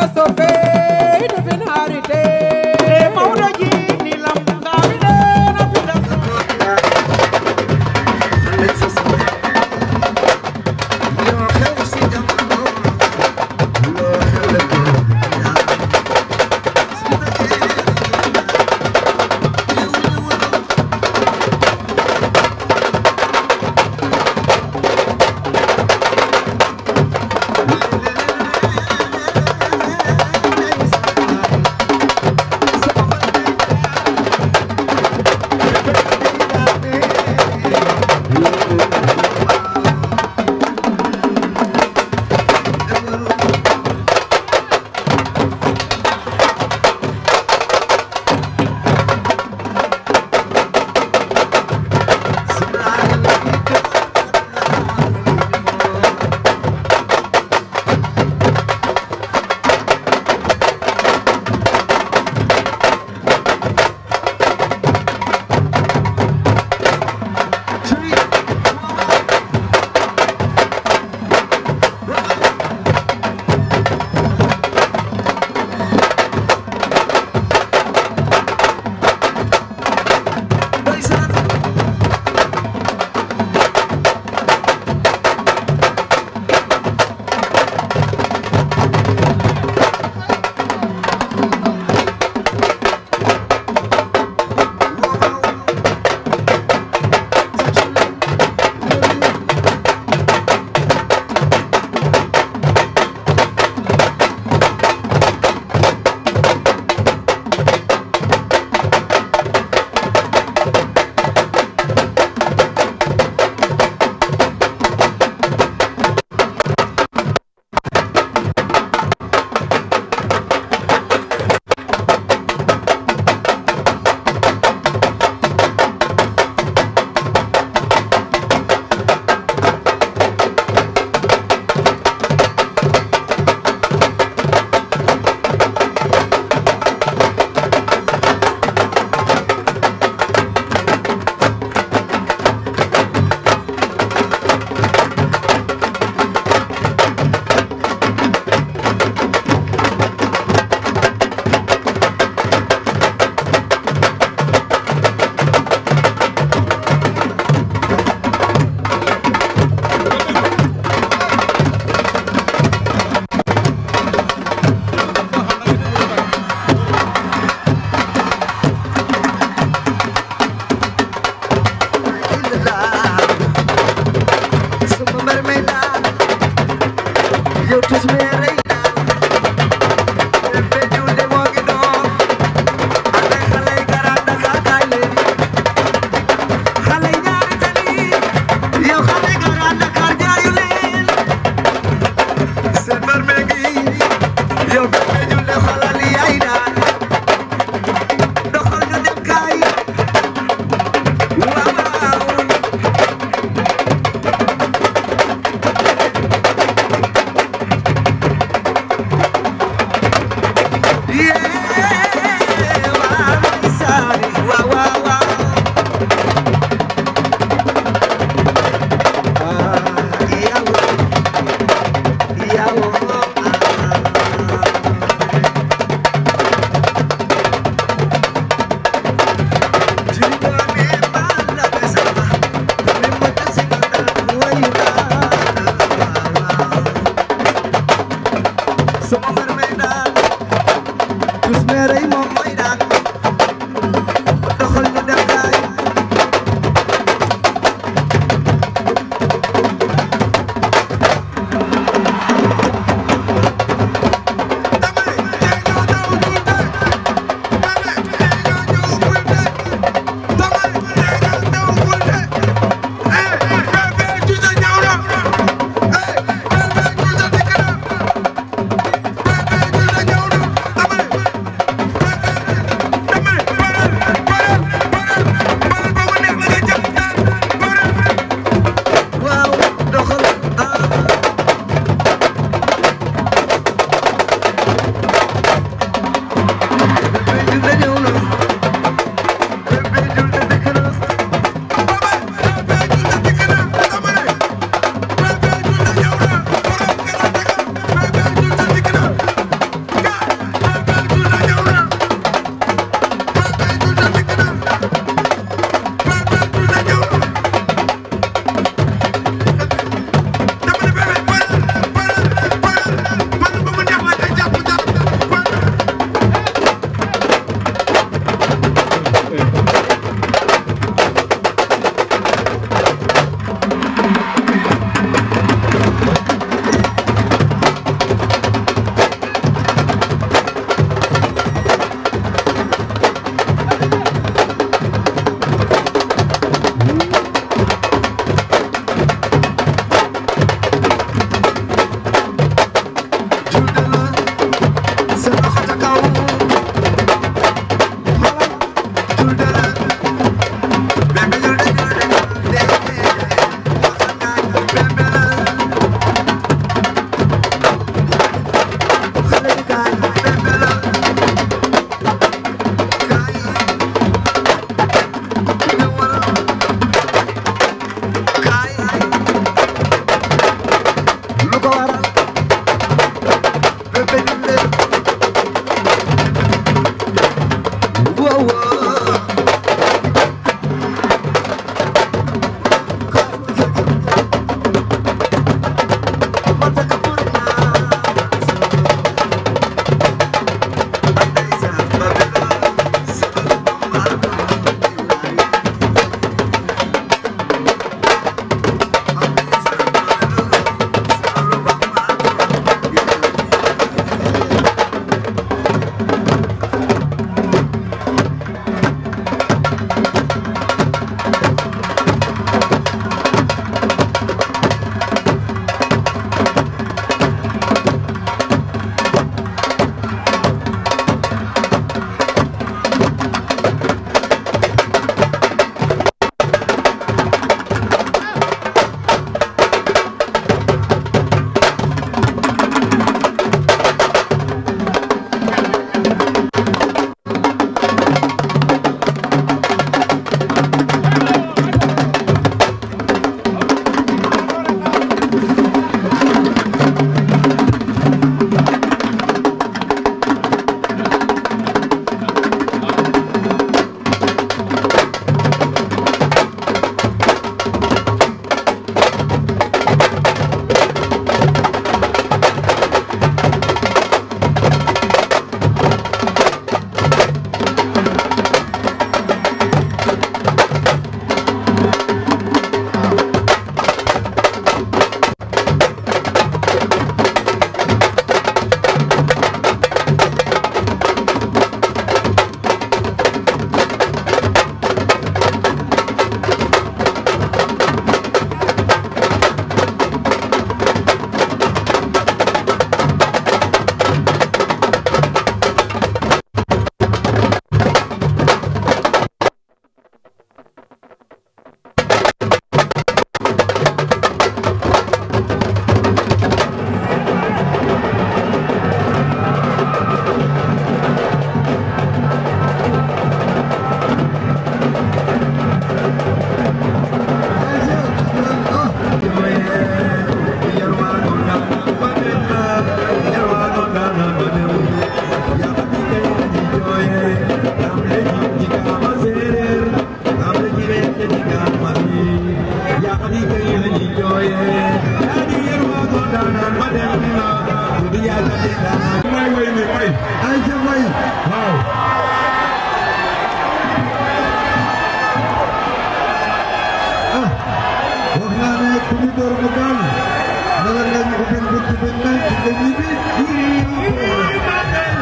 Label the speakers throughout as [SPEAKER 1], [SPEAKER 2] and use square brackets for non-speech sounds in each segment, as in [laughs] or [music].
[SPEAKER 1] Abrazo, Fe.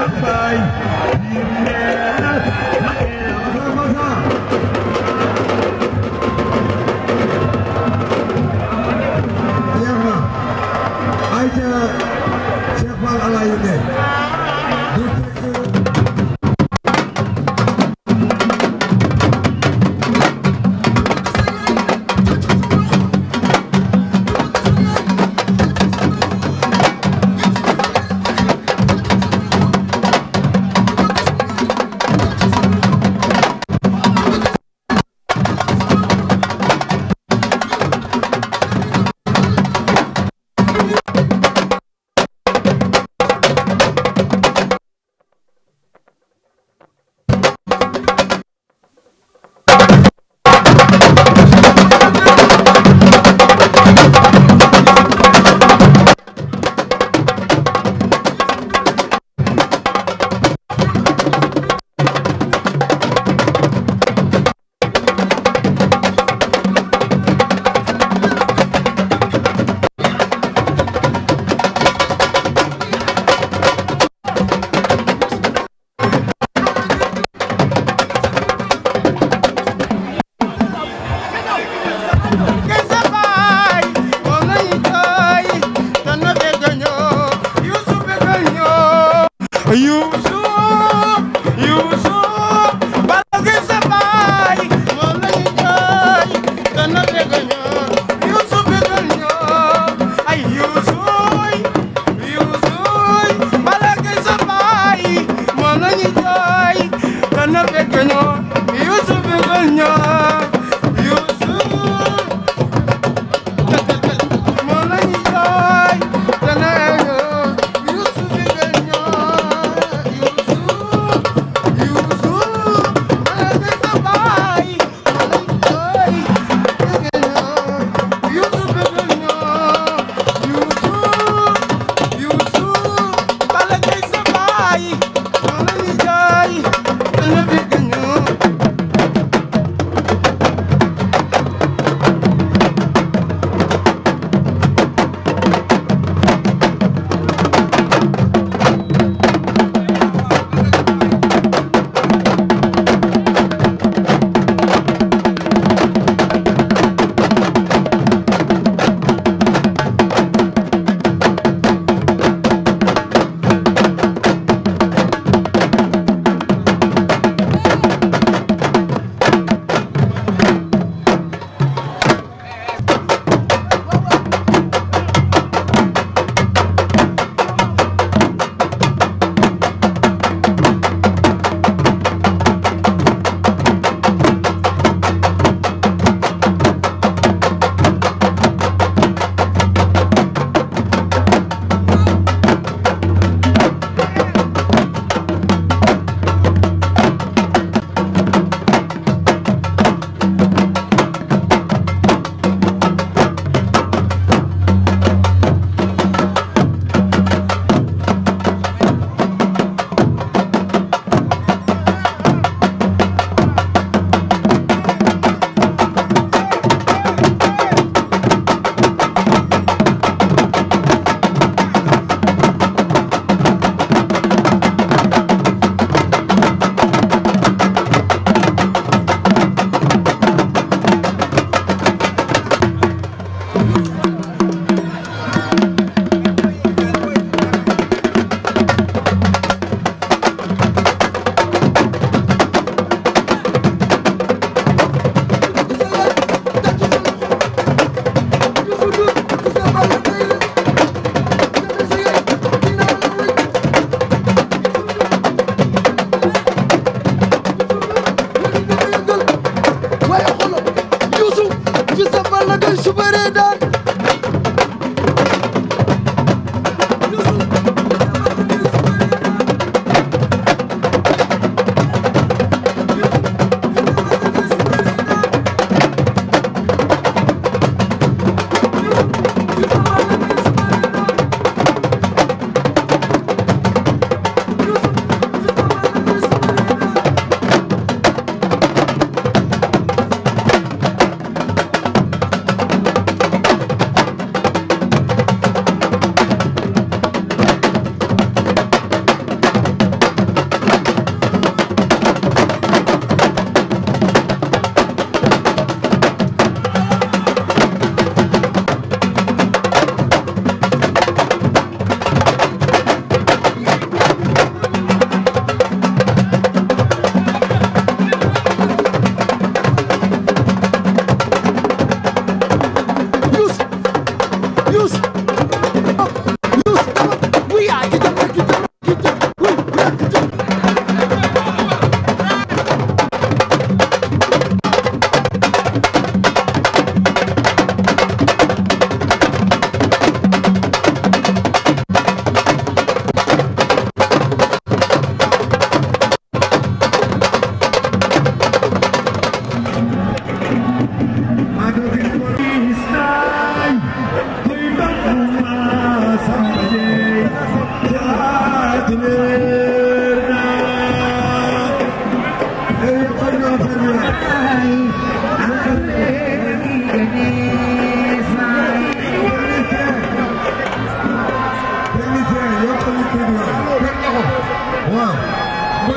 [SPEAKER 1] Lambaye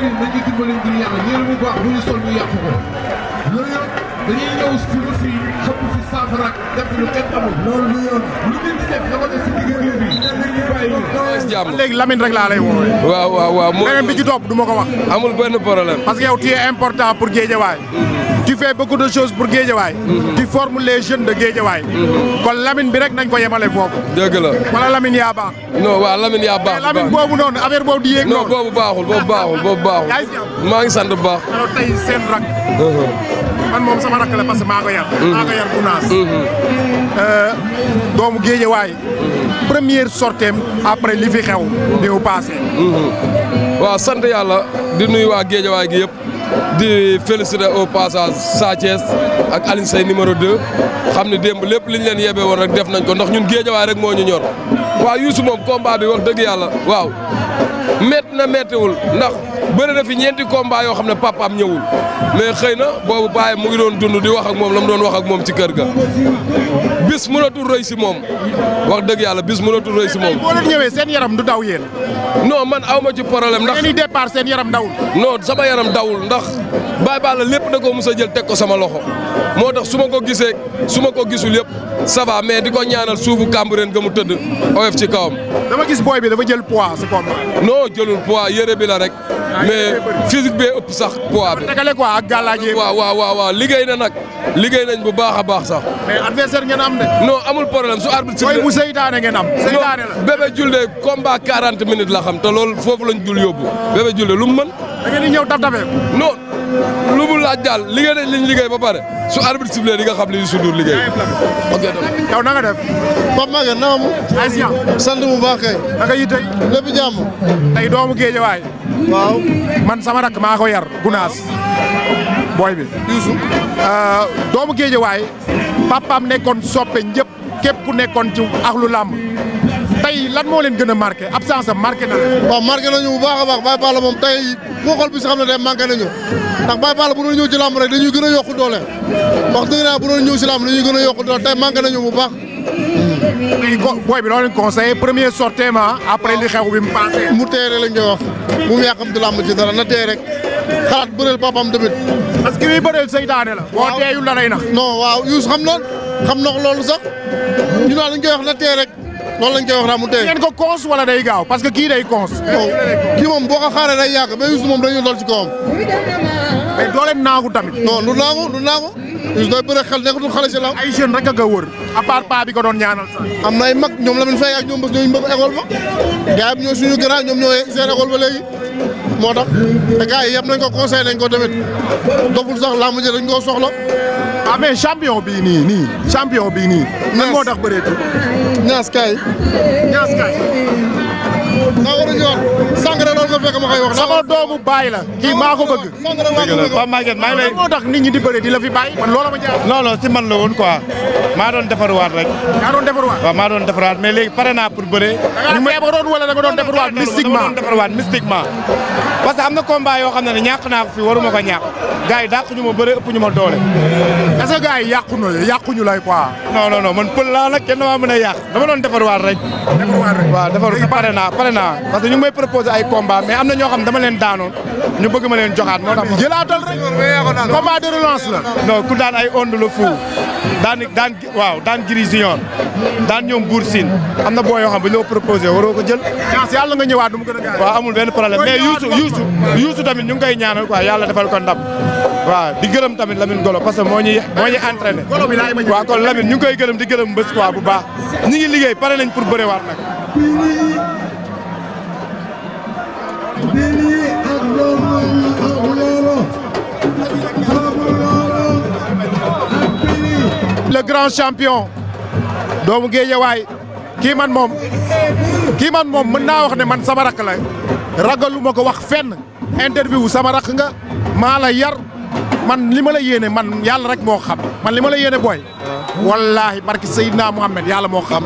[SPEAKER 1] mbër yi nañu dimbali ngir yàlla yére bu baax bu ñu sol ñu yàqu
[SPEAKER 2] ko laa lay woowee waaw bi ci topp du ko wax amul benn problème parce que yow important pour Guédiawaye mm-hmm. tu fais beaucoup de choses pour Guédiawaye tu mhm. formes les jeunes de Guédiawaye mhm. kon Lamine bi rek nañ ko yemale foofu dëgg la wala Lamine yaa baax non waaw Lamine yaa baax Lamine boobu noonu affaire boobu di yéeg noonu non
[SPEAKER 3] boobu baaxul maa ngi sant bu baax alors tey seen rak mhm.
[SPEAKER 2] la parce que maa ko yar euh, doomu Guédiawaye première sorteem après li fi xew bi mu passé
[SPEAKER 3] yàlla di nuyu waa Guédiawaye gi yëpp di féliciter au passage Sa Thiès ak Alioune Seye numéro 2 xam ne démb lépp liñ leen yebee woon rek def nañ ko ndax ñun géejawaay rek moo ñu ñor waaw Youssou moom combat bi wax dëgg yàlla waaw métti na méttiwul ndax. bëri na fi ñeenti combat yoo xam ne papaam ñëwul mais xëy na boobu baayam mu ngi doon dund di wax ak moom la mu doon wax ak moom ci kër ga bis mënatul rëy si moom wax dëgg yàlla bis mënatul rëy si moom. boo leen ñëwee seen yaram du daw yéen. non man aw ma ci problème ndax ngeen di départ seen yaram dawul. noo sama yaram dawul ndax baa Balla lépp na ko mos a jël teg ko sama loxo moo tax su ma ko gisee su ma ko gisul yëpp ça va mais di ko ñaanal suufu Cambérène ga mu tëdd oyof ci kawam. dama gis booy bi dafa jël poids si combat. non jëlul poids yére bi la rek. mais physique bee ëpp sax poids bi. tegale quoi ak gàllaaj yi. waaw waaw liggéey na nag liggéey nañ bu baax a baax sax. mais adversaire ngeen am de. non amul problème su arbitre. mooy bu seytaane ngeen am. seytaane la bébé Diouldé combat 40 minutes la xam te foofu lañ dul yóbbu bébé Diouldé lu mu mën. da ngeen di ñëw daf dafee. non lu mu laaj daal liggéey nañ liñ liggéey ba pare su arbitre sifflé di nga xam li ñu sundur liggéey.
[SPEAKER 2] ok donc yow na nga def. Pape Maguette naam. ay sant bu baax kay. na nga yitte. lépp jàmm. tey doomu géejawaay waaw man sama rakk maa ko yar gunaas booy bi Youssou euh, doomu géejawaay papaam nekkoon soppe ñëpp képp ku nekkoon ci axlu làmb tey lan moo leen gën a marqué absence am marqué na waaw marqué nañu bu baax a baax Baye Palla moom tey koo xool bi si xam ne day manqué nañu ndax Baye Palla bu doon ñëw ci làmb rek dañuy gën a yokku doole wax dëgg naa bu doon ñëw si làmb gën a yokku doole tey manqué nañu bu baax booy bi loo leen conseillé premier sorteem ah, après li xew bi mu teere lañ koy wax bu mu yàqam di làmb ci dara na tee rek xalaat bëreel papam tamit. parce que muy bëreel seytaane la. waaw boo teeyul la lay nax. xam lool xam na loolu sax ñu naan dañ koy wax na tee rek loolu lañ koy wax daal mu tee. ngeen ko cons wala day gaaw parce que kii day cons. kii moom boo ko xaaree day yàgg mais Youssou moom dañuy dool ci kawam. mais doo leen naagu tamit. non lu naagu lu naagu. us doy bëre xel nekkatul xale si laaw. ay jeunes rek a nga wër. à part paa bi ko doon ñaanal sax. am ay mag ñoom la
[SPEAKER 4] ñu fay ak ñoom bés ñooy mbëgg école ba. gars yi ñooy suñu grand ñoom ñooy seen école ba léegi. moo tax te gars yi nañ ko conseillé nañ ko tamit doful sax laa mujj dañ koo soxla.
[SPEAKER 2] ah mais champion bii nii nii champion bii nii. ñaas lan moo tax bëreetul. ñaas kaay. ñaas kaay. nga war a ñëwaat sàngara loolu nga fekk ma koy wax. sama doomu baay la kii maa ko bëgg. dëgg la Pape Maguette tax nit ñi di bëre di la fi bàyyi man si man la woon quoi maa doon defarwaat rek. maa doon maa doon defarwaat mais léegi pare naa pour bëre. da nga feebaroon wala da nga doon defarwaat mystiquement doon defarwaat mystiquement. parce na combat yoo xam ne ñàkk naa ko fi waruma ko ñàkk gars yi dàq ñu ma bëre ëpp ñu ma doole. est-ce que gars yi lay quoi. non non non pël laa nag kenn maa mën a yàq dama doon defarwaat rek. defarwaat rek waaw defar pare pare naa parce que ñu ngi may proposé ay combat mais am na ñoo xam dama leen daanoon ñu bëgg leen joxaat moo tax jëlaatal rek combat de relance la non ku daan ay onde la fou daan daan waaw daan giri ñoom buur am na boo xam bu ñoo proposé waroo ko jël chance yàlla nga ñëwaat du mu gën a gaaw waaw amul benn problème yuusu yuusu yuusu tamit ñu ngi koy ñaanal quoi yàlla defal ko ndam waaw di gërëm tamit Lamine Golo parce que moo ñuy moo ñuy entraîné waaw koy gërëm di gërëm mbés quoi bu baax ñi ngi pare nañ le grand champion doomu géejawaay kii man moom kii man moom mën naa wax ne man sama rakk la ragalu ma ko wax fenn interview sama rakk nga maa la yar man li ma la yéene man yàlla rek moo xam man li ma la yéene booy. wallaahi barki Seydina Muhammad yàlla moo xam.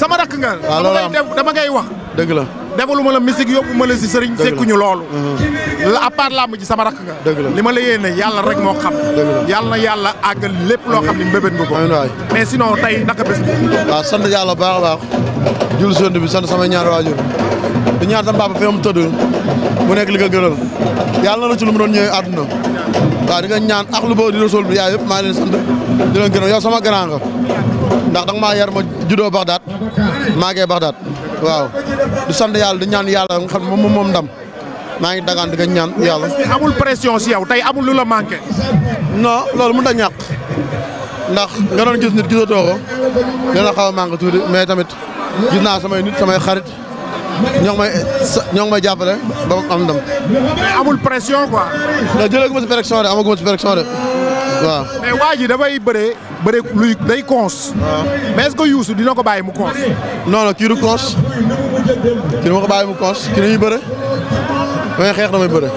[SPEAKER 2] sama rakk nga. dama ngay def dama ngay wax. dëgg la defalu ma la musique yóbbu ma la si sëriñ sekkuñu loolu mm-hmm. la à part làmb ji sama rakk nga dëgg la li ma la yéene yàlla rek moo xam yàlla na
[SPEAKER 4] yàlla àggal lépp loo xam ne mbébét nga ko mais sinon tey naka bés bi waaw sant yàlla baax a baax jul sënd bi sant samay ñaari waajur di ñaar tam papa fi am tëdd mu nekk li nga gënal yàlla na la ci lu mu doon ñëwee àdduna waaw di nga ñaan ak lu boo di rasul bi yaay yëpp maa leen sant di gënal yow sama grand nga ndax danga maa yar ma judoo Baxdaat maagee du sant yàlla di ñaan yàlla nga xam ne moom moom ndam maa ngi dagaan di nga ñaan yàlla. amul pression si yow tey amul lu la manqué. non loolu mënut a ñàkk ndax nga doon gis nit gisatoo ko dina xaw a manqué tuuti mais tamit gis naa samay nit samay xarit ñoo ngi may ñoo ngi may jàppale ba am ndam. mais amul pression quoi. mais jëlee gu si pression de amagu ma si pression de. waaw
[SPEAKER 2] mais waa ji dafay bëree bëree luy day cons. mais est-ce que dina ko bàyyi mu cons.
[SPEAKER 4] non non kii du cons kii ma ko bàyyi mu cons kii dañuy bëre damay xeex damay bëre.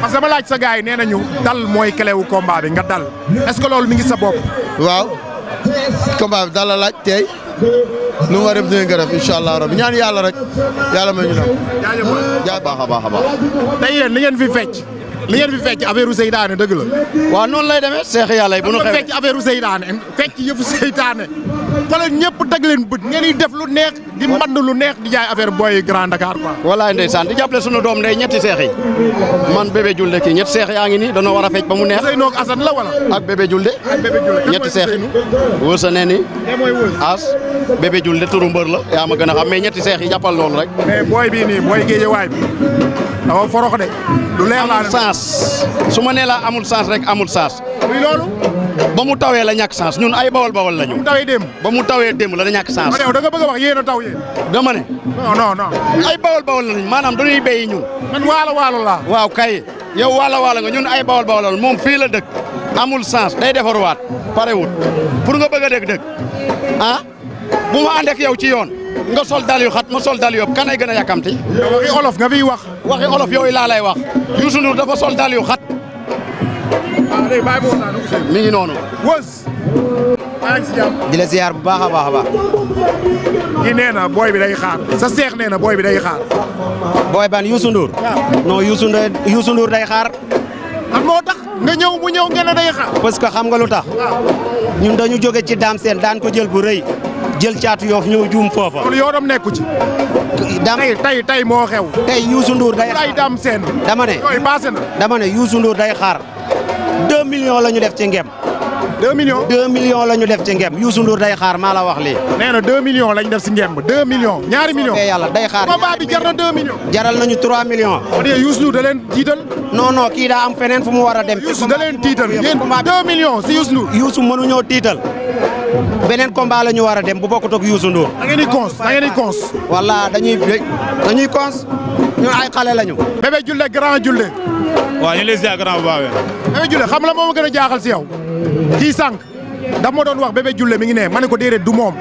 [SPEAKER 4] parce que laaj sa gars yi nee nañu dal mooy clé wu combat nga dal est-ce que loolu mi ngi sa bopp. waaw combat bi dal laaj tey lu mu war a def incha allah rabi ñaan yàlla rek yàlla may ñu naan. jaajëf baax a baax a baax.
[SPEAKER 2] tey fi fecc. li ngeen fi fecc affaire seytaane dëgg la. waaw noonu lay deme seex yàlla yi bu nu xewee fecc affaire seytaane fecc yëfu seytaane. xoolal ñëpp teg leen bët ngeen def lu neex di mband lu neex di jaay affaire booy Grand Dakar quoi. walaay ndeysaan di jàppale sunu doom ndey ñetti seex yi man bébé julde kii ñetti seex yaa ngi nii danoo war a fecc ba mu neex. Ousseynou ak Assane la wala. ak bébé julde. ak ñetti seex yi. wësa nee ni. as bébé julde turu mbër la yaa gën a xam mais ñetti seex yi jàppal loolu rek. mais booy bii dama forox de. lu leer laa amul su ma nee la amul saas rek amul saas. muy ba mu tawee la ñàkk saas ñun ay bawal bawal la ñu. ba mu tawee démb. ba mu tawee démb la ñàkk saas. ma ne da nga bëgg a wax yéen a taw yéen. dama ne. non non non. ay bawal bawal la ñu maanaam dañuy béyi ñun. man waalo waalo laa. waaw kay yow waalo waalo nga ñun ay bawal bawal la moom fii la dëkk. amul sens day defaruwaat parewut pour nga bëgg a dëgg dëgg ah bu ma ànd ak yow ci yoon. nga sol dal yu xat ma sol dal yëpp kan ay gën a yàkkamti olof nga fiy wax waxi olof yooyu laa lay wax Youssou Ndour dafa sol dal yu xat mi noonu wës di
[SPEAKER 4] bu baax
[SPEAKER 2] a baax a baax ki nee na booy bi day xaar sa seex nee na booy bi day xaar booy ban Youssou Ndour ah. non
[SPEAKER 4] Youssou day xaar am moo tax nga ñëw mu ñëw ngeen day xaar parce que xam nga lu tax ñun dañu jóge ci daam seen daan ko jël bu rëy jël caatu yoof ñëw juum
[SPEAKER 2] foofa. kon yoonam nekku ci. dam tey tey tey moo xew. tey Youssou day xaar tey Dame Sène. dama ne yooyu passé na. dama ne Youssou day xaar 2 millions la ñu def ci ngem. 2 millions 2 la ñu def ci ngem Youssou Ndour day xaar maa la wax lii. nee na 2 millions lañ def si ngem 2 millions. ñaari million soo day xaar. combat bi jar na 2 millions. jaral nañu 3 millions. on dirait am feneen fu mu war a dem. Youssou da tiital yéen 2 millions si Youssou
[SPEAKER 4] Ndour. Youssou mënuñoo tiital. beneen combat la ñu war a dem bu bokkut ak Youssou Ndour. da ngeen di cons da ngeen di cons. walla dañuy dañuy cons ñun ay xale lañu. Bébé Diouldé
[SPEAKER 2] grand Diouldé.
[SPEAKER 5] waaw ñu ngi lay ziar grand bu baax
[SPEAKER 2] bi. xam la moo ma gën a jaaxal si yow kii sànq daf moo doon wax Bébé Diouldé mi ngi ne ma ne ko déedéet du moom.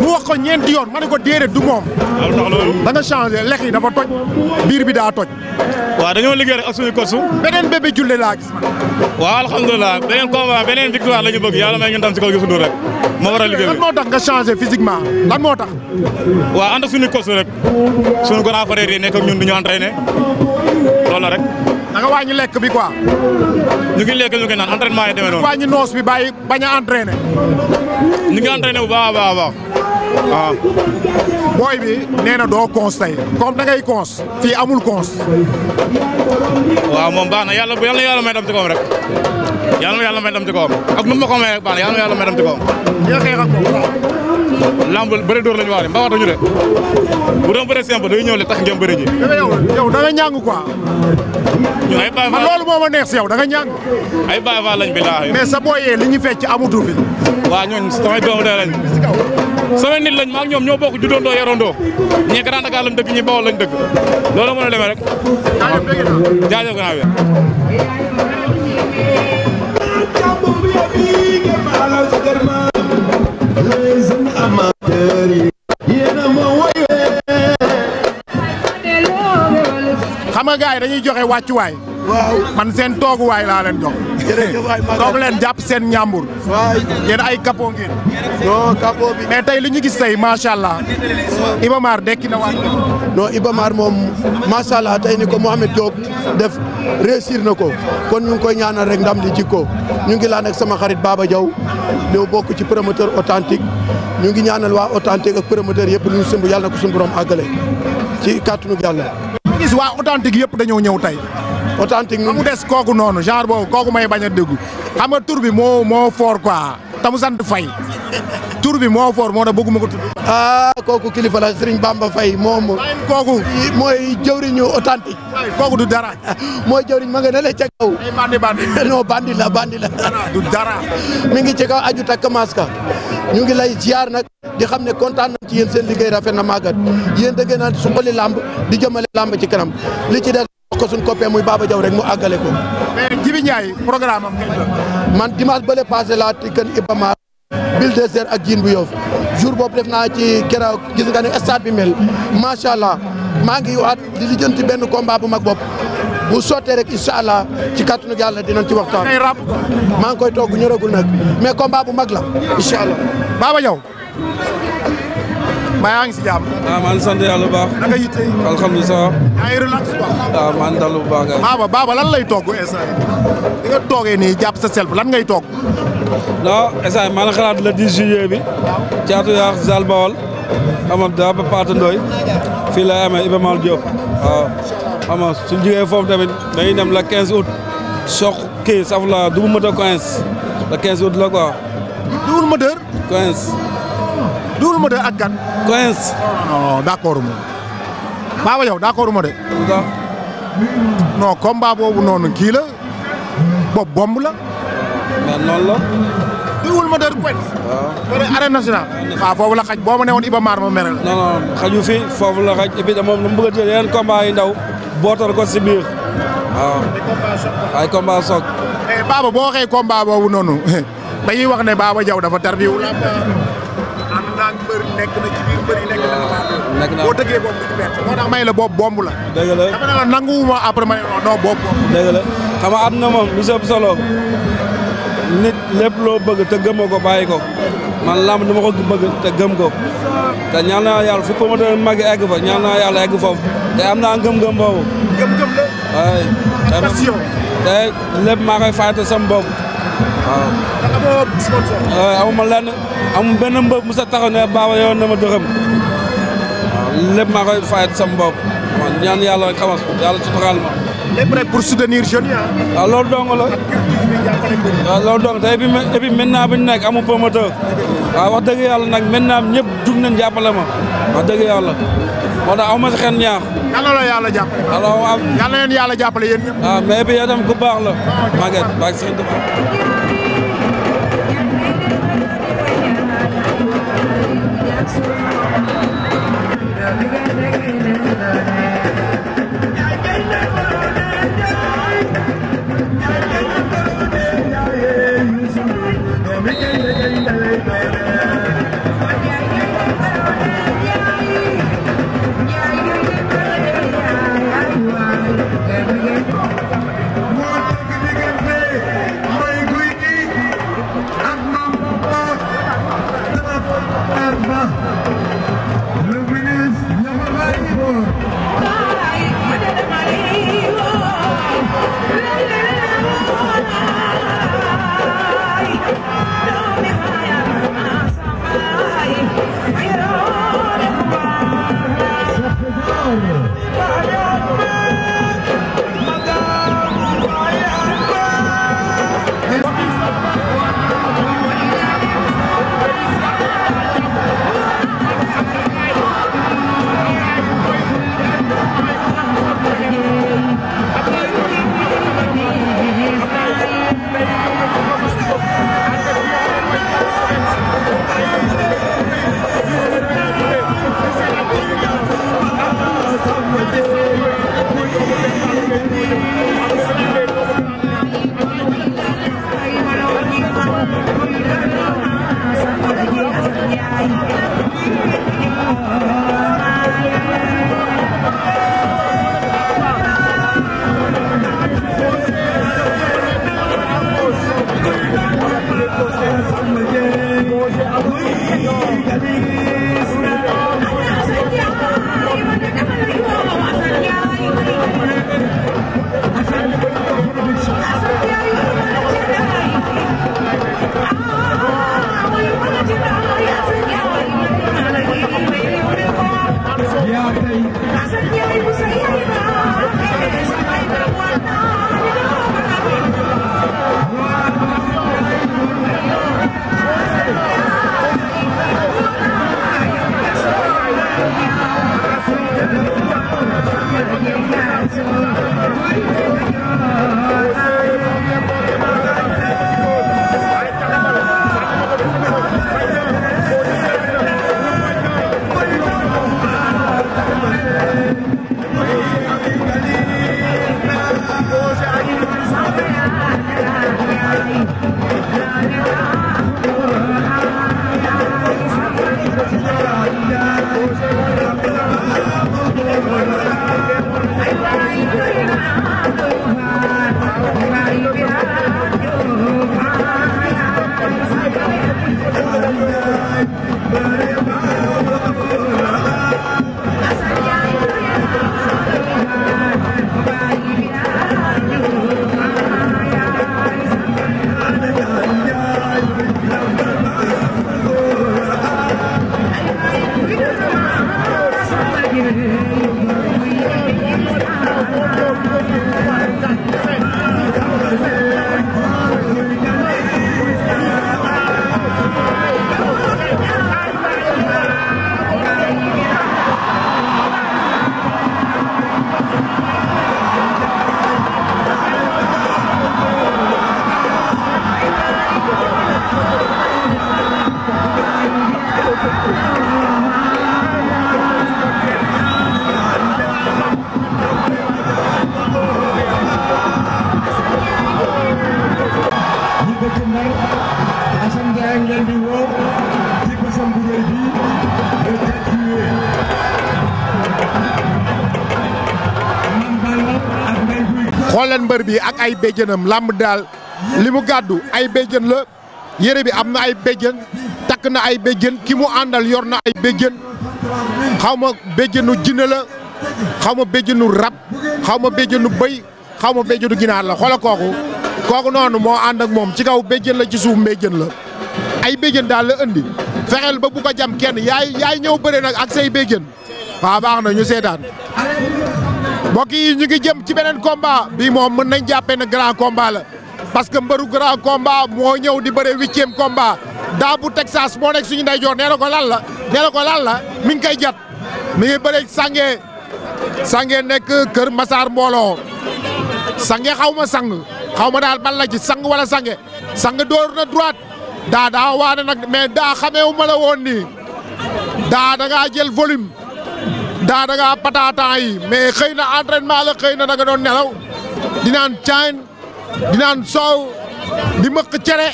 [SPEAKER 2] mu wax ko ñeenti yoon ma ne ko déedéet du moom. da nga changé lekk yi dafa toj biir bi daa toj.
[SPEAKER 5] waaw dañoo liggéey rek ak suñu kosu. beneen bébé julle laa gis man. waaw alhamdulilah beneen combat beneen victoire la ñu bëgg yàlla may ñu ndam si kaw gi suñu rek. moo waral liggéey lan
[SPEAKER 2] moo tax nga changé physiquement lan moo
[SPEAKER 5] tax. waaw ànd suñu kosu rek suñu grand frère nekk ñun du ñu entraîné
[SPEAKER 2] loolu la rek. da nga wàññi lekk bi quoi. ñu ngi lekk ñu ngi naan entraînement yi demee noonu. wàññi noos bi bàyyi bañ a entraîné. ñu ngi entraîné bu baax a baax
[SPEAKER 1] waaw ah.
[SPEAKER 2] booy bi nee na doo cons tey comme da ngay cons fii amul cons.
[SPEAKER 5] waaw moom baax na yàlla yàlla yàlla may dam ci kawam rek yàlla yàlla may dam ci
[SPEAKER 2] kawam ak nu ma ko may rek baax na yàlla yàlla may dam ci kawam. nga xeex ak moom waaw. lamb bëri dóor la ñu waare mbaa ñu de bu doon bëri simple day ñëw le tax ngeen ji. yow yow da nga ñàng quoi. ñun ay Baye Fall man loolu moo ma neex si yow da nga ñàng. ay Baye Fall lañ sa booyee li ñu fecc amutu fi. waaw ñooñu samay doomu sama nit lañ ma ñoom ñoo bokk juddoondoo yarondoo ñi Grand Dakar lañ dëkk ñi Bawol lañ dëkk loolu mën a demee rek jaajëf gannaaw bi xam nga gars yi dañuy joxe wàccuwaay waaw man seen tooguwaay laa leen jox. toog leen jàpp seen ñàmbur. waay yéen ay capot ngeen. non capot bi. mais tey li ñu gis tey macha
[SPEAKER 4] allah. Iba Mar dekki na waat. non Iba moom macha allah tey ni ko Mouhamed Diop def réussir na ko kon ñu ngi koy ñaanal rek ndam di jikko ñu ngi laan ak sama xarit baa Baba Diaw ñoo bokk ci promoteur authentique ñu ngi ñaanal waa authentique ak promoteur yëpp lu ñu sumb yàlla na ko suñu borom àggale ci kàttanu yàlla. gis waa authentique yëpp
[SPEAKER 2] dañoo ñëw tey. authentique mu des kooku noonu genre boobu kooku may bañ a déglu xam nga tur bi
[SPEAKER 4] moo moo foor ko te mu sant Faye tur bi moo fort moo na bëgguma ko tudd. ah kooku kilifa la Serigne Bamba Faye moo kooku mooy jëwriñu authentique. kooku du dara. [laughs] mooy jëwriñ ma nga ne la ca kaw. ay bandi bandi. [laughs] la bandi la. du dara. mi ngi ci kaw aju takk maska ñu ngi lay ziar nag. di xam ne kontaan nañ ci yéen seen liggéey rafet na màggat yéen da ngeen a suqali làmb di jëmale lamb ci kanam li ci des ko kope coppee muy Baba Diaw rek mu àggale ko. mais Jibi programme man dimanche bële passé la tikkan Ibamar. Bill Désert ak Diine bu Yoff jour boobu def naa ci keroog gis nga ne stade bi mel macha allah maa ngi at di lijjanti benn combat bu mag bopp. bu sottee rek incha allah ci kàttanu yàlla dinañ ci waxtaan. maa ngi koy togg ñoragul nag mais combat bu mag la incha allah. Baba mbaa yaa ngi si jàmm.
[SPEAKER 5] waaw ah, maa ngi sant bu baax. na nga yitte. alhamdulilah.
[SPEAKER 2] Ah,
[SPEAKER 5] baax. waaw baaba baaba lan lay togg instant yi nga toogee jàpp sa self lan ngay togg. non instant maa xalaat le 10 juillet bi. caatu yaax Zal Bawol. Amad Da ba fii la amee Iba Mal Diop. waaw xam nga suñu foofu tamit dañuy dem la 15 août. soq kii safula double moteur coince le 15 août la quoi. double moteur. coince. Double Moteur ak kan. Quench. non non d'accord mu. Baba yow d'accord ma de.
[SPEAKER 2] non combat boobu noonu kii la bopp bomb la. mais noonu la. Double Moteur Quench. waaw loolu arène nationale. waaw la xaj boo ma newoon Iba Mar
[SPEAKER 5] ma mere xaju fi foofu xaj et moom lu mu bëgg a jël ndaw bootal ko si waaw ay combat soog.
[SPEAKER 2] Eh, Baba boo waxee combat boobu noonu [laughs] dañuy wax ne Baba Diaw dafa tardiw
[SPEAKER 5] nekk na ci biir na boo tëggee la boobu bomb la. dëgg la dama ne la nanguwuma après may moom lu solo nit lépp loo bëgg te gëmoo ko bàyyi ko man lamb dama ko bëgg te gëm go te ñaan naa yàlla fu promoteur mag egg fa ñaan naa yàlla egg foofu te am naa ngëm-ngëm boobu. gëm-gëm la. te lépp maa koy fayte sama bopp. waaw ndax amoo sponsor. amu benn mbëb mu sa taxaw ne baaba yow na ma dërëm waaw lépp maa koy fayat sama bopp waaw ñaan yàlla rek xamas yàlla suturaal ma. lépp rek pour soutenir jeunes yi ah. waaw loolu dong la. waaw te et puis maintenant bi ñu nekk amul promoteur. wax dëgg yàlla nag maintenant ñëpp jug nañ jàppale ma wax dëgg yàlla moo aw ma si xel ñaar. yàlla la yàlla jàppale. Ah, ku baax la. Ah, Maguette baax si
[SPEAKER 1] Thank you.
[SPEAKER 2] xool leen mbër bi ak ay béjjënam làmb daal li mu gàddu ay béjjën la yére bi am na ay béjjën takk na ay béjjën ki mu àndal yor na ay béjjën xawma ma béjjënu la xaw ma béjjënu rab xaw ma béjjënu bëy xaw ma béjjënu kooku kooku noonu moo ànd moom ci kaw béjjën la ci suuf béjjën la ay béjjën daal la indi fexeel ba bu jam kenn yaay yaay ñëw bëre nag ak say béjjën waaw baax na ñu seetaan mbokk yi ñu ngi jëm ci beneen combat bii moom mën nañ jàppee ne grand combat la parce que mbëru grand combat moo ñëw di bëre huitième komba daa bu Texas moo nekk suñu ndeyjoor nee na ko lan la nee na ko lan la mi ngi koy jat mi ngi Sange Sange nekk Kër masaar mbooloo Sange xaw ma sang xaw ma daal ban la ci sang wala Sange sang door na droite daa daa waane nag mais daa xamee wu ma la woon nii daa da jël volume. daa da ngaa yi mais xëy na entraînement la xëy na danga doon nelaw di naan caayin di naan soow di mëq cere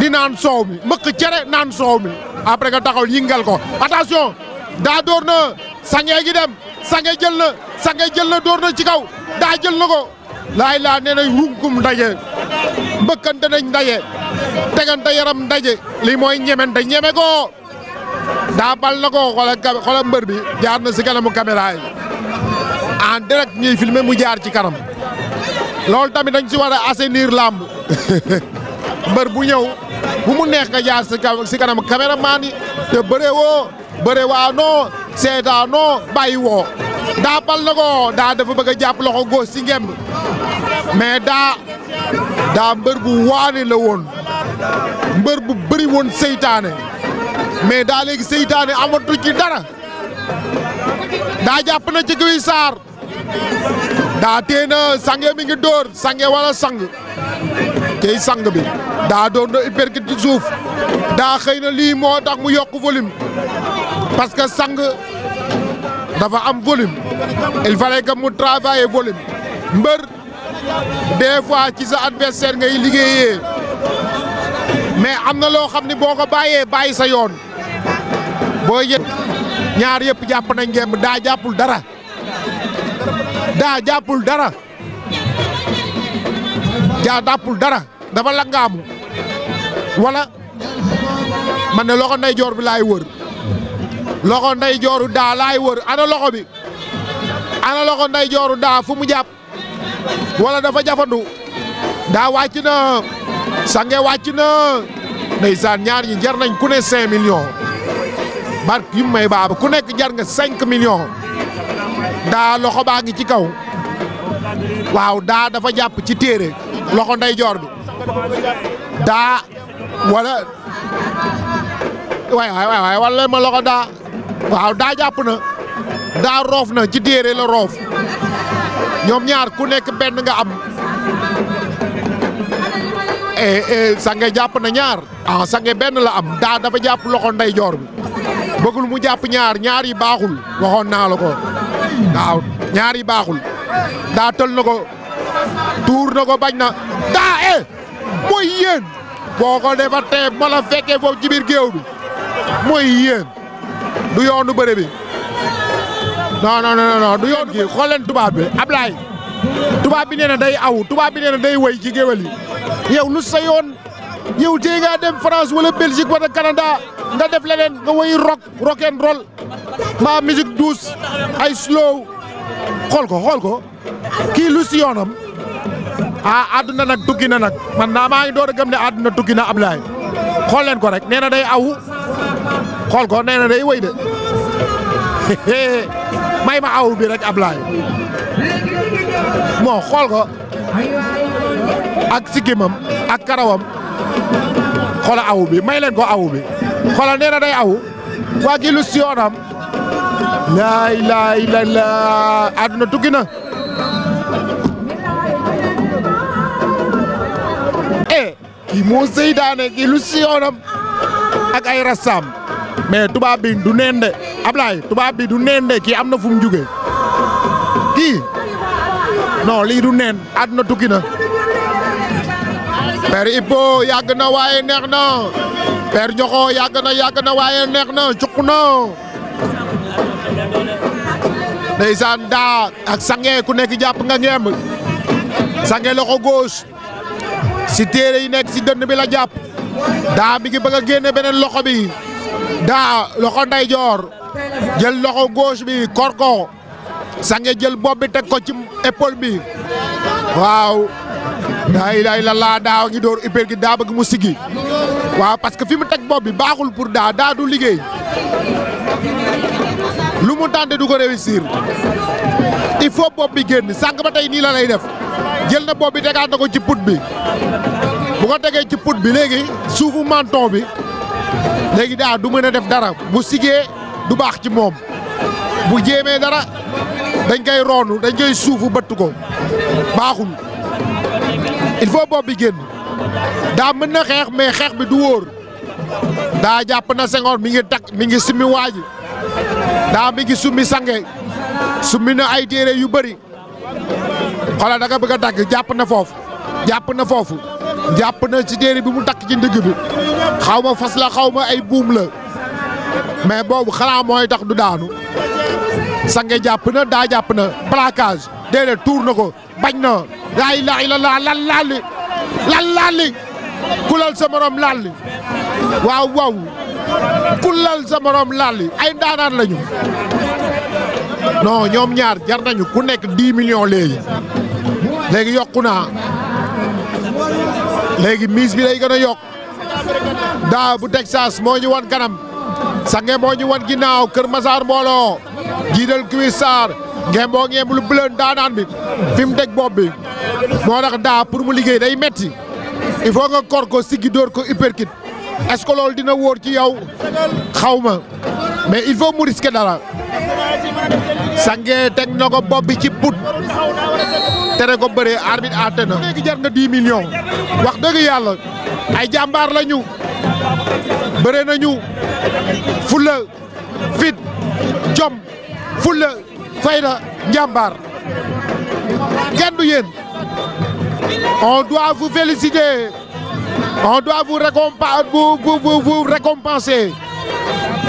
[SPEAKER 2] di naan soow mi mëq cere naan soow mi après nga taxaw yingal ko attention daa door na sange gi dem sange jël na sange jël na door na ci kaw daa jël na ko laay laa nee na runkum ndaje mbëkkante nañ ndaje tegante yaram ndaje lii mooy ñemente ñeme ko daa bal na ko xoolal mbër bi jaar na si kanamu caméra yi en direct mu jaar ci kanam loolu tamit dañ si war a assainir làmb [laughs] mbër bu ñëw bu mu neex nga jaar si kanam caméraman yi te bëree woo bëree waa woo daa bal na ko daa dafa bëgg a jàpp loxo góos si ngemb mais daa daa mbër bu waane la woon mbër bu bëri woon seytaane mais daa léegi seytaane amatu ci dara daa jàpp na ci guy saar daa tee na sange mi ngi dóor sange wala sang tey sang bi daa doon na uppercut ci suuf daa xëy na lii moo tax mu yokk volume parce que sang dafa am volume il fallait que mu travailler volume mbër des fois ci sa adversaire ngay liggéeyee. mais am na loo xam ne boo ko bàyyee bàyyi sa yoon boo yëg ñaar yëpp jàpp nañ ngemb daa jàppul dara daa jàppul dara jaa dàppul dara dafa langaamu wala man ne loxo nday joor bi laay wër loxo nday jooru daa laay wër ana loxo bi ana loxo nday jooru daa fu mu jàpp wala dafa jafandu daa wàcc na sange wàcc na ndeysaan ñaar ñi jar nañ ku ne 5 millions barke yu may baaba ku nekk jar nga 5 millions daa loxo baa ngi ci kaw waaw daa dafa jàpp ci téere loxo ndeyjoor bi daa wala waay waay waay wala ma loxo daa waaw daa jàpp na daa roof na ci téere la roof ñoom ñaar ku nekk benn nga am Eh, eh, sange jàpp na ñaar ah sange benn la am daa dafa jàpp loxo ndeyjoor bi bëggul mu jàpp ñaar ñaari yi baaxul waxoon naa la ko waaw ñaar baaxul daa tël na ko tuur na ko bañ na daa e mooy yéen boo ko de tee ma la fekkee foofu ci biir géew bi mooy yéen du yoonu bëre bi non non non non du yoonu gi xool tubaab bi Ablaye tubaab bi nee na day aw tubaab bi nee na day woy ci géwél yi yow lu sa yoon yow tey ngaa dem France wala Belgique wala Canada nga def leneen nga woy rock rock and roll mbaa musique douce ay slow xool ko xool ko kii lu si yoonam ah àdduna nag tukki na nag man daa maa ngi door a gëm ne àdduna tukki na Ablaye xool leen ko rek nee na day aw xool ko nee na day wéy de [laughs] may ma aw bi rek Ablaye bon xool ko. ak sikkimam ak karawam xola aw bi may leen ko aw bi xola nee na day aw waa kii lu siyoonam laay laay la la àdduna tukki na e eh, kii moo seydaane kii ak ay rassam mais tubaab bi du neen de Ablaye tubaab bi du neen de kii am na fu mu jugee kii non du neen àdduna tukki
[SPEAKER 1] Père Ibou yàgg
[SPEAKER 2] na waaye neex na Père Ndiokhor yàgg na yàgg na waaye neex na cuq na ndeysaan daa ak sange ku nekk jàpp nga ngemb sange loxo gauche si téere yi nekk ci dënn bi la jàpp daa mi ngi bëgg a génne beneen loxo bi daa loxo ndeyjoor jël loxo gauche bi kor ko sange jël bopp bi teg ko ci épaule bi waaw daa ilaha illallah daaw ngi door upper gi daa bëgg mu siggi waaw parce que fi mu teg bopp bi baaxul pour daa daa du liggéey lu mu tànte du ko réussir il faut bopp bi génn sànq ba tey nii la def jël na bopp bi tegaat na ko ci put bi bu ko tegee ci put bi léegi suufu menton bi léegi daa du mën a def dara bu sigee du baax ci moom bu jéemee dara dañ koy roonu dañ koy suufu bëtt ko baaxul il faut bopp bi génn daa mën na xeex mais xeex bi du wóor daa jàpp na Senghor mi ngi takk mi ngi summi waaji daa mi ngi summi sange summi na ay téere yu bëri xoolal da bëgg a dagg jàpp na foofu jàpp na foofu jàpp na ci téere bi mu takk ci ndigg bi xaw ma fas la xaw ma ay buum la mais boobu xanaa mooy tax du daanu sange jàpp na daa jàpp na placage déedéet tuur na ko bañ na laa ilaaha illallaah lan laal li lan laal li kulal sa moroom laal li waaw waaw kulal sa moroom laal li ay ndaanaan lañu non ñoom ñaar jar nañu ku nekk 10 millions léegi léegi yokku naa léegi miis bi day gën a yokk daa bu Texas moo ñu wan kanam sange boo ñu wan ginnaaw Kër masaar mbooloo jiidal Kiwi Sarr ngeen boo ngeen lu daanaan bi fi mu deg bopp bi moo tax daa pour mu liggéey day metti il faut nga kor ko siggi dóor ko uppercut est-ce loolu dina wóor ci yow xaw ma mais il faut mu risquer dara sange teg na ko bopp bi ci put tere ko bëree arbitre àtte na léegi jar na 10 millions dëgg yàlla ay jàmbaar lañu bëre nañu fulla fit jom fulla fayda njàmbaar kenn du yéen on doit vous féliciter on doit vous récompenser vous vous vous récompenser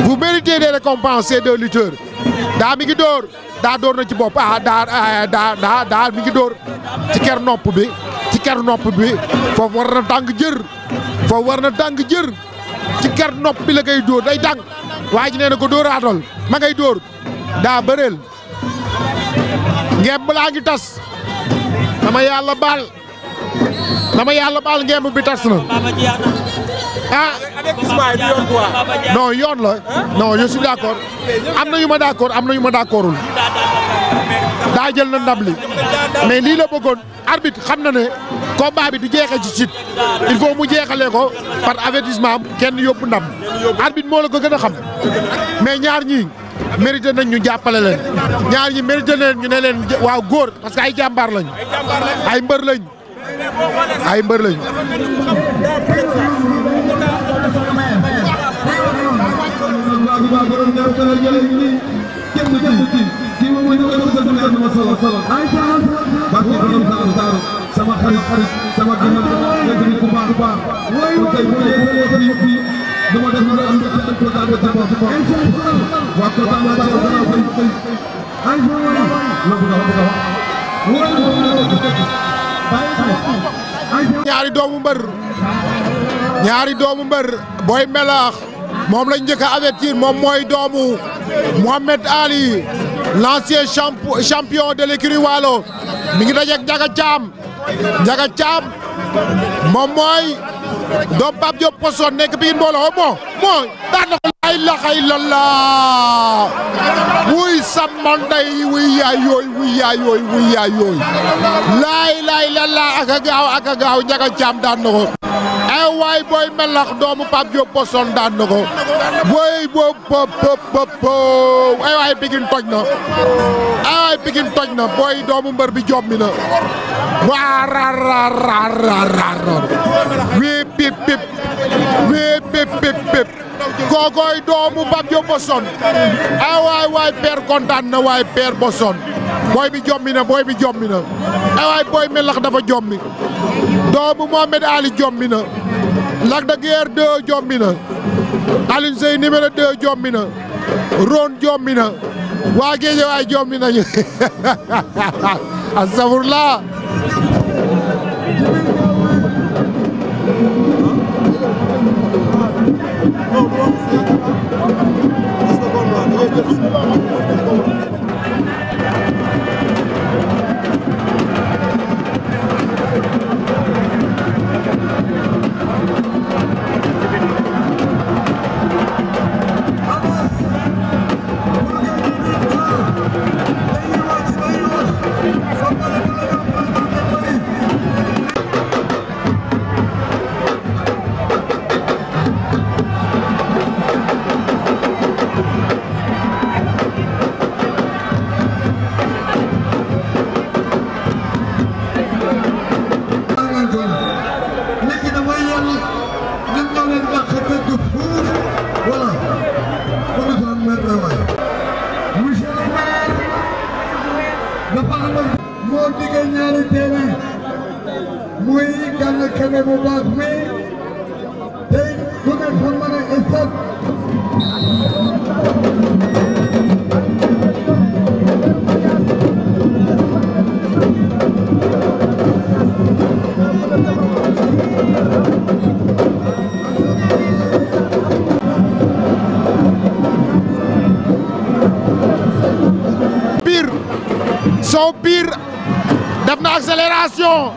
[SPEAKER 2] vous méritez de lutteurs daa mi ngi dóor daa dóor ci bopp ah, ah daa daa mi ngi dóor ci ker nopp bi ci ker nopp bi foofu war na tàng jër boobu war na dàng jër ci ker nopp bi la koy dóor day dàng waa ji nee na ko dóoraatal ma ngay dóor daa bëreel ngemb laa ngi tas dama yàlla baal dama yàlla baal ngemb bi tas na ah non yoon la non je suis d'accord am na yu ma d'accord am na yu ma d'accordul daa jël na ndam li mais lii la bëggoon arbitre xam na ne combat bi du jeexee ci sit il faut mu jeexale ko par avertissement am kenn yóbbu ndam arbitre moo la ko gën a xam mais ñaar ñi mérité nañ ñu jàppale leen ñaar ñi mérité leen ñu ne leen waaw góor parce que ay jàmbaar lañ ay mbër lañ ay mbër lañ
[SPEAKER 5] kii moom mooy dama dugg sama
[SPEAKER 2] ñaari doomu mbër ñaari doomu mbër Boy Melax moom lañ njëkk a avertir moom mooy doomu Mohamed Ali l'ancien champion de l'écurie Waalo mi ngi dajeek Ndiaga Thiam Ndiaga Thiam moom mooy doom Pape Poson nekk Pikine mbooloo moo oh, moo daan na ko laa ilaaha illallaah wuy sama wuy yaay yooy wuy yaay yooy wuy gaaw ak gaaw Ndiaga Thiam daan na waaye booy melax doomu Pape Diop Boston daan na ko booy boobu boobu ay waay Pikine toj na ay waay Pikine toj na booy doomu mbër bi jommi na waa rar rar rar rar wii pip pip wii pip pip pip kookooy doomu Pape Diop Boston ay waay waay père kontaan na waay père Boston booy bi jommi na booy bi jommi na ay waay booy melax dafa jommi doomu Mohamed Ali jommi na Lac de Guiers 2 jombi na Alioune Seye numéro 2 jombi na Rone jombi na waa Géejawaay jombi nañu [laughs] astafurlaa
[SPEAKER 1] moo diggee ñaari téeméer muy Gana Kebe bu baax mi tey ku ne xam na ne stade
[SPEAKER 2] accélération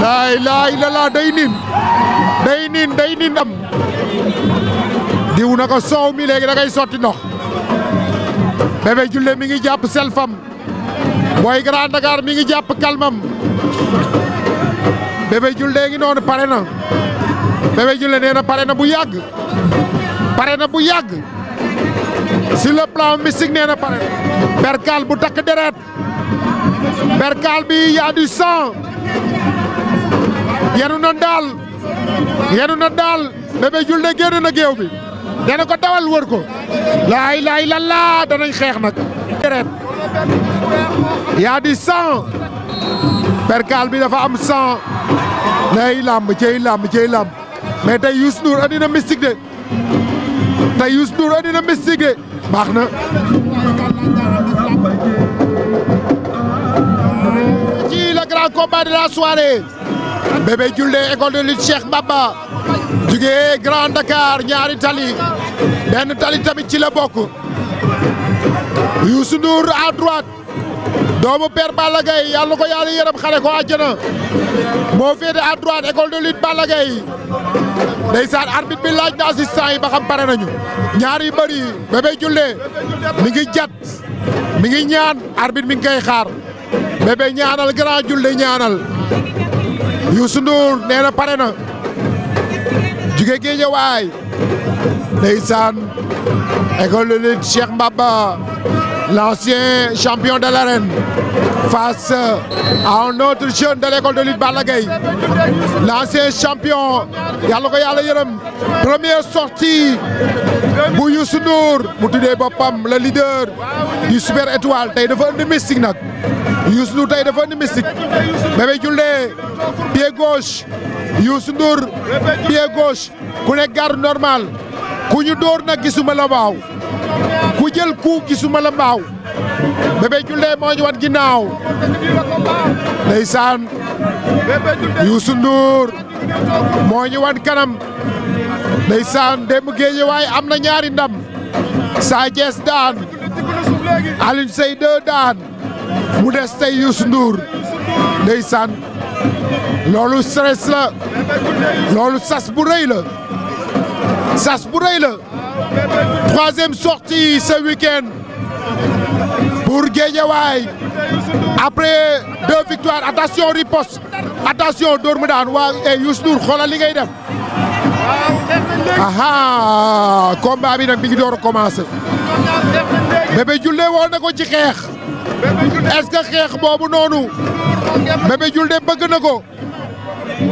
[SPEAKER 2] laay laay la laa day niin day niin day niin am diw na ko soow mi léegi da ngay sotti ndox Bébé mi ngi jàpp selfam Boy Grand Dakar mi ngi jàpp kalmam Bébé ngi noonu pare na Bébé Diouldé nee na pare na bu yàgg pare na bu yàgg sur le plan mystique nee na pare na perkal bu takk deret perkaal bi y a yenu na daal yenu na daal Bébé Diouldé génn na géew bi dana ko dawal wër ko laa ilaaha illallaah danañ xeex nag deret yaa di sang perkaal bi dafa am sang nay làmb cey làmb cey làmb mais tey Youssou Ndour andi na mystique de tey Youssou Ndour andi na mystique de baax na combat de la soirée Bébé Diouldé école de lutte Cheikh Mbaba jugee Grand Dakar ñaari tali benn tali tamit ci la bokk Youssou Ndour à droite doomu père Balla Gaye yàlla na ko yàlla yërëm xale ko àjjana moo féete à droite école de lutte Balla Gaye ndeysaan arbitre bi laaj na assistant yi ba xam pare nañu ñaari mbër yi Bébé Diouldé mi ngi jat mi ngi ñaan arbitre mi ngi bébé ñaanal grand julde ñaanal Youssou Ndour nee na pare na jóge Géejawaay ndeysaan école de lutte Cheikh Mbaba l'ancien champion de l'arène face à un autre jeune de l'école de lutte Balla l'ancien champion yàlla ko yàlla yërëm première sortie bu Youssou Ndour mu tuddee boppam le leader du Super Étoile tey dafa indi mystique nag Youssou Ndour tey dafa indi mystique Bébé Diouldé pied gauche Youssou Ndour ku ne gar normal ku ñu dóor nag gisuma la ku jël ku gisuma la mbaaw Bébé Diouldé wan ginnaaw ndeysaan Youssou Ndour moo ñu wan kanam ndeysaan démb géeje waaye am na ñaari ndam Sa Thiès daan Alioune Seye 2 daan mu des tey Youssou Ndour ndeysaan loolu stress la loolu sas bu rëy la sas bu rëy la troisième sortie ce week-end pour Guédiawaye après deux victoires attention riposte attention dóor mu daan waa eh Youssou Ndour xoolal li ngay dem aha combat bi nag mi ngi door a commencé Bébé woon na ko ci xeex. est-ce que xeex boobu noonu Bébé de bëgg na ko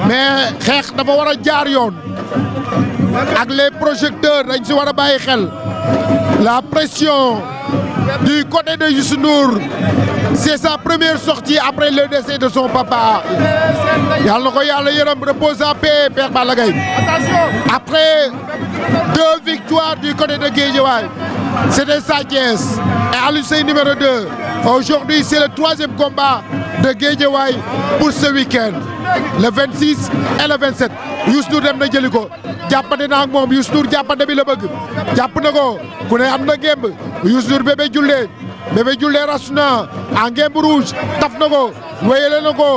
[SPEAKER 2] mais xeex dafa war a jaar yoon ak les projecteurs dañ si war a bàyyi xel la pression du côté de Youssou Ndour c'est sa première sortie après le décès de son papa yàlla na ko yàlla yërëm repose en paix Père Balla Gaye après deux victoires du côté de Guédiawaye c'était Sathiès et Aliou Seye numéro 2. Aujourd'hui, c'est le troisième combat de Guédiawaye pour ce week-end. Le 26 et le 27 Youssou Ndour dem na jëli ko jàppante na ak moom Youssou Ndour jàppante bi la bëgg jàpp na ko ku ne am na ngemb Youssou Ndour bébé Diouldé bébé Diouldé rasu na en ngemb rouge taf na ko wéyale na ko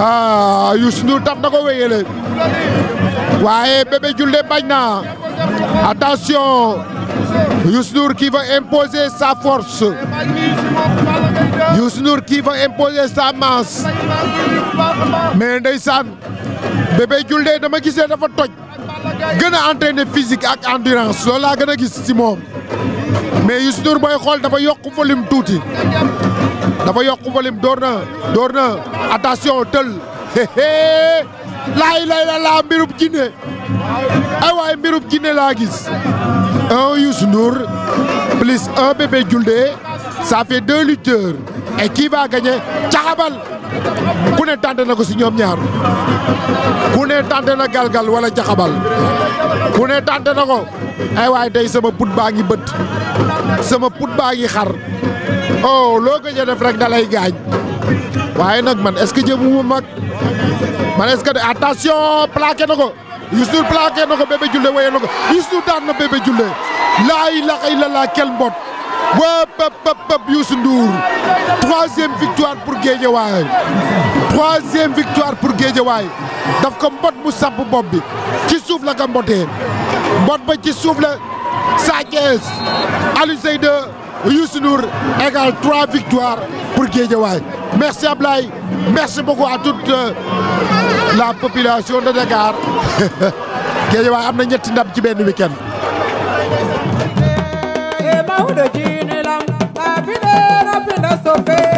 [SPEAKER 2] ah Youssou Ndour taf na ko wéyale waaye bébé Diouldé bañ na attention. Youssou Ndour qui va imposer sa force Youssou Ndour qui va imposer sa masse mais ndeysaan Bébé Diouldé dama gisee dafa toj gën a antene physique ak endurance loolu laa gën a gis ci moom mais Youssou booy xool dafa yokk volume tuuti dafa yokk volume door na door na attention tël laay lay la laa mbirub jinne ay waay mbirub jinne laa gis un Youssou Ndour plus un bébé Diouldé ça fait deux lutteurs et qui caxabal ku ne tànte na ko si ñoom ñaar ku ne tànte na galgal wala caxabal ku ne tànte na ko ay waay tey sama put baa ngi bët sama put baa ngi xar oh loo ko def rek da gaañ waaye nag man est-ce que jëmu mag man est-ce que attention plaqué na ko. Youssou plaqué na ko Bébé Diouldé wéyee na ko Youssou daan na Bébé Diouldé laa ilaha illallah kel mbot waa pep pep pep victoire pour Guédiawaye troisième victoire pour Guédiawaye daf ko mbot mu samp bopp bi ci suuf la ko mbotee mbot ba ci suuf la Sa Thiès Youssou Ndour égale trois victoires pour Guédiawaye merci Ablaye merci beaucoup à toute euh, la population de Dakar [laughs] Guédiawaye am na ñetti ndam ci benn week-end
[SPEAKER 1] e